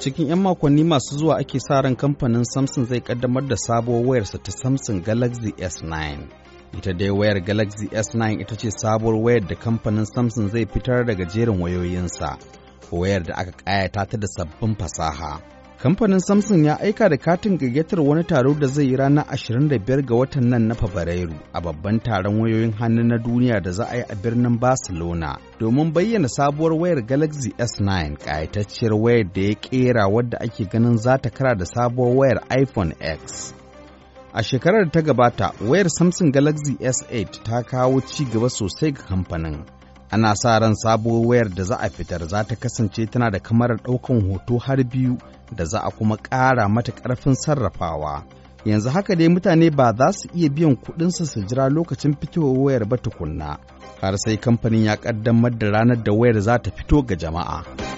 cikin 'yan makonni masu zuwa ake sa ran kamfanin samsung zai kaddamar da sabuwar wayarsa ta samsung galaxy s9 ita dai wayar galaxy s9 ita ce sabuwar wayar da kamfanin samsung zai fitar daga jerin wayoyinsa wayar da aka kayata ta da sabbin fasaha kamfanin samsung ya aika da katin gayyatar wani taro da zai yi ranar 25 ga watan nan na fabrairu a babban taron wayoyin hannu na duniya da za a yi a birnin barcelona domin bayyana sabuwar wayar galaxy s9 kayatacciyar wayar da ya kera wadda ake ganin za ta kara da sabuwar wayar iphone x a shekarar da ta gabata wayar samsung galaxy s8 ta kawo ci gaba sosai ga kamfanin ana sa ran sabuwar wayar da za a fitar za ta kasance tana da kamarar ɗaukan hoto har biyu da za a kuma ƙara mata ƙarfin sarrafawa. Yanzu haka dai mutane ba za su iya biyan kuɗinsa su jira lokacin fitowar wayar ba tukunna, har sai kamfanin ya ƙaddamar da ranar da wayar za ta fito ga jama'a.